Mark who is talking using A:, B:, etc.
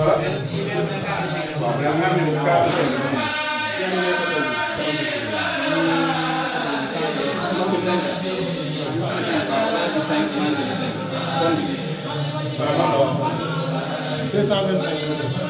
A: voilà. waaw yaa ngi amee kaa bi seen bopp. waaw waaw waaw. 225.